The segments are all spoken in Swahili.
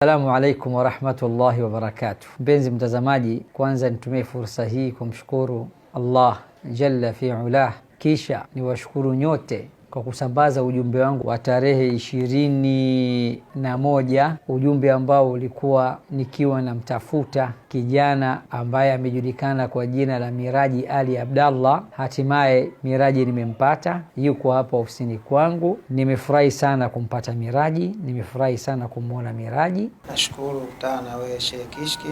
Assalamu alaikum warahmatullahi wabarakatuh. Mpenzi mtazamaji, kwanza nitumie fursa hii kumshukuru Allah jalla fi ulah, kisha niwashukuru nyote kwa kusambaza ujumbe wangu wa tarehe ishirini na moja, ujumbe ambao ulikuwa nikiwa namtafuta kijana ambaye amejulikana kwa jina la Miraji Ali Abdallah. Hatimaye Miraji nimempata, yuko hapa ofisini kwangu. Nimefurahi sana kumpata Miraji, nimefurahi sana kumwona Miraji. Nashukuru kukutana na wewe Sheikh Kishki.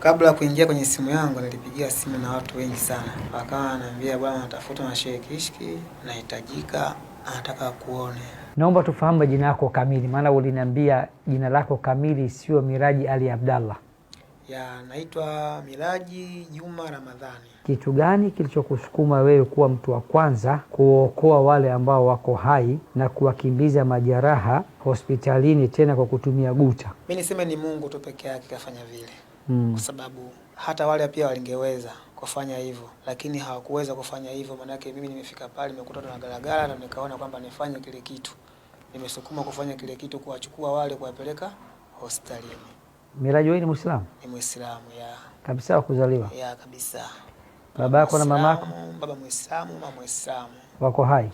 Kabla ya kuingia kwenye simu yangu nilipigia simu na watu wengi sana, wakawa wananiambia bwana, natafuta na Sheikh Kishki, nahitajika, anataka kuone. Naomba tufahamu jina lako kamili, maana uliniambia jina lako kamili sio Miraji Ali Abdallah. Ya, naitwa Miraji Juma Ramadhani. Kitu gani kilichokusukuma wewe kuwa mtu wa kwanza kuwaokoa wale ambao wako hai na kuwakimbiza majeraha hospitalini tena kwa kutumia guta? Mi niseme ni Mungu tu peke yake kafanya vile mm. kwa sababu hata wale pia walingeweza kufanya hivyo, lakini hawakuweza kufanya hivyo. Maana yake mimi nimefika pale, nimekuta galagala na nikaona kwamba nifanye kile kitu, nimesukuma kufanya kile kitu, kuwachukua wale kuwapeleka hospitalini. Miraji wewe ni Muislamu? Ni Muislamu ya kabisa wa kuzaliwa ya kabisa. Baba yako na mama yako? Baba Muislamu, mama Muislamu. Wako hai?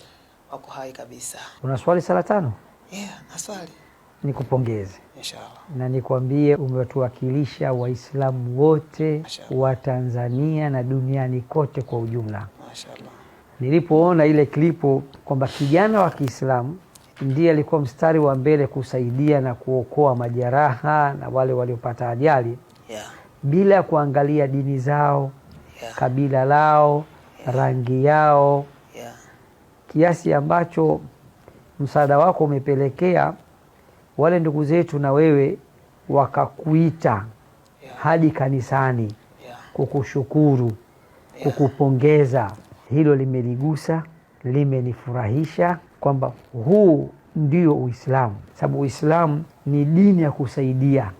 Wako hai kabisa. Unaswali sala tano? Yeah, naswali nikupongeze na nikwambie umetuwakilisha Waislamu wote wa Tanzania na duniani kote kwa ujumla. Nilipoona ile klipu kwamba kijana wa Kiislamu ndiye alikuwa mstari wa mbele kusaidia na kuokoa majeraha na wale waliopata ajali yeah, bila ya kuangalia dini zao yeah, kabila lao yeah, rangi yao yeah, kiasi ambacho msaada wako umepelekea wale ndugu zetu na wewe wakakuita hadi kanisani kukushukuru, kukupongeza. Hilo limenigusa, limenifurahisha kwamba huu ndio Uislamu, sababu Uislamu ni dini ya kusaidia.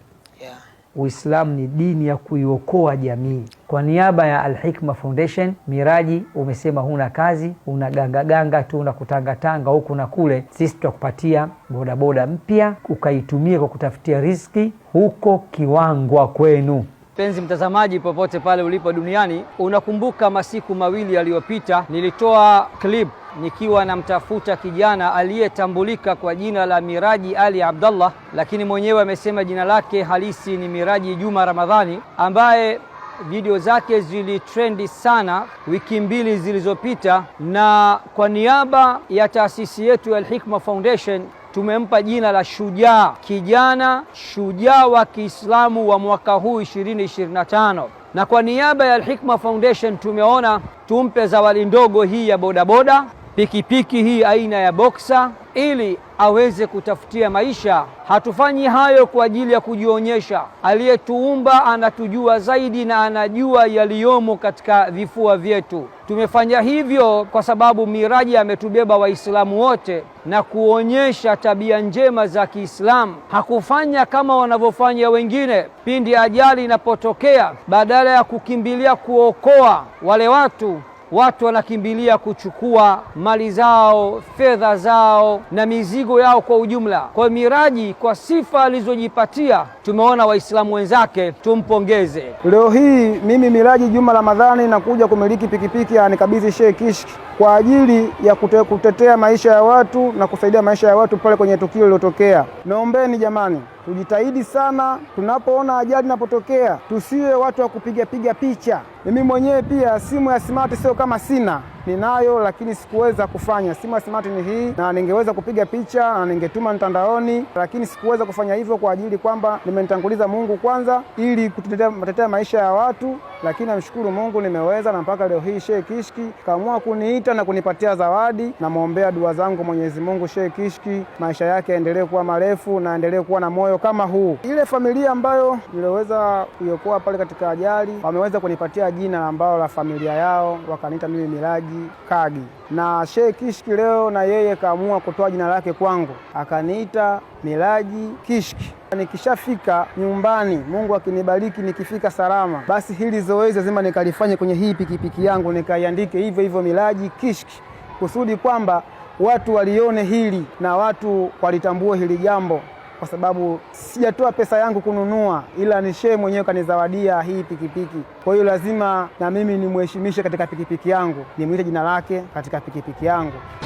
Uislamu ni dini ya kuiokoa jamii. Kwa niaba ya al Foundation, Miraji, umesema huna kazi, unagangaganga tu na kutangatanga huku na kule, sisi tutakupatia bodaboda mpya ukaitumia kwa kutafutia riski huko Kiwangwa kwenu. Mpenzi mtazamaji, popote pale ulipo duniani, unakumbuka masiku mawili yaliyopita nilitoa clip nikiwa namtafuta kijana aliyetambulika kwa jina la Miraji Ali Abdallah, lakini mwenyewe amesema jina lake halisi ni Miraji Juma Ramadhani, ambaye video zake zilitrendi sana wiki mbili zilizopita, na kwa niaba ya taasisi yetu ya Al-Hikma Foundation tumempa jina la shujaa, kijana shujaa wa Kiislamu wa mwaka huu 2025 na kwa niaba ya Al-Hikma Foundation tumeona tumpe zawadi ndogo hii ya bodaboda pikipiki hii aina ya boksa ili aweze kutafutia maisha. Hatufanyi hayo kwa ajili ya kujionyesha. Aliyetuumba anatujua zaidi na anajua yaliyomo katika vifua vyetu. Tumefanya hivyo kwa sababu Miraji ametubeba Waislamu wote na kuonyesha tabia njema za Kiislamu. Hakufanya kama wanavyofanya wengine. Pindi ajali inapotokea, badala ya kukimbilia kuokoa wale watu watu wanakimbilia kuchukua mali zao, fedha zao na mizigo yao kwa ujumla. Kwa Miraji, kwa sifa alizojipatia, tumeona Waislamu wenzake, tumpongeze. Leo hii mimi Miraji Juma Ramadhani nakuja kumiliki pikipiki, anikabidhi Sheikh Kishki kwa ajili ya kute, kutetea maisha ya watu na kusaidia maisha ya watu pale kwenye tukio lililotokea. Naombeni jamani, tujitahidi sana, tunapoona ajali inapotokea tusiwe watu wa kupigapiga picha. Mimi mwenyewe pia simu ya smart sio kama sina ninayo, lakini sikuweza kufanya. Simu ya smart ni hii, na ningeweza kupiga picha na ningetuma mtandaoni, lakini sikuweza kufanya hivyo kwa ajili kwamba nimemtanguliza Mungu kwanza, ili kutetea maisha ya watu. Lakini namshukuru Mungu nimeweza, na mpaka leo hii Sheikh Kishki kaamua kuniita na kunipatia zawadi. Namwombea dua zangu Mwenyezi Mungu Sheikh Kishki, maisha yake aendelee kuwa marefu na aendelee kuwa na moyo kama huu. Ile familia ambayo niliweza kuiokoa pale katika ajali wameweza kunipatia jina ambalo la familia yao, wakaniita mimi Miraji Haji Kagi, na Sheikh Kishki leo na yeye kaamua kutoa jina lake kwangu, akaniita Miraji Kishki. Nikishafika nyumbani, Mungu akinibariki, nikifika salama, basi hili zoezi lazima nikalifanye kwenye hii pikipiki yangu, nikaiandike hivyo hivyo Miraji Kishki, kusudi kwamba watu walione hili na watu walitambue hili jambo kwa sababu sijatoa pesa yangu kununua, ila ni shehe mwenyewe kanizawadia hii pikipiki. Kwa hiyo lazima na mimi nimheshimishe katika pikipiki yangu, nimwite jina lake katika pikipiki yangu.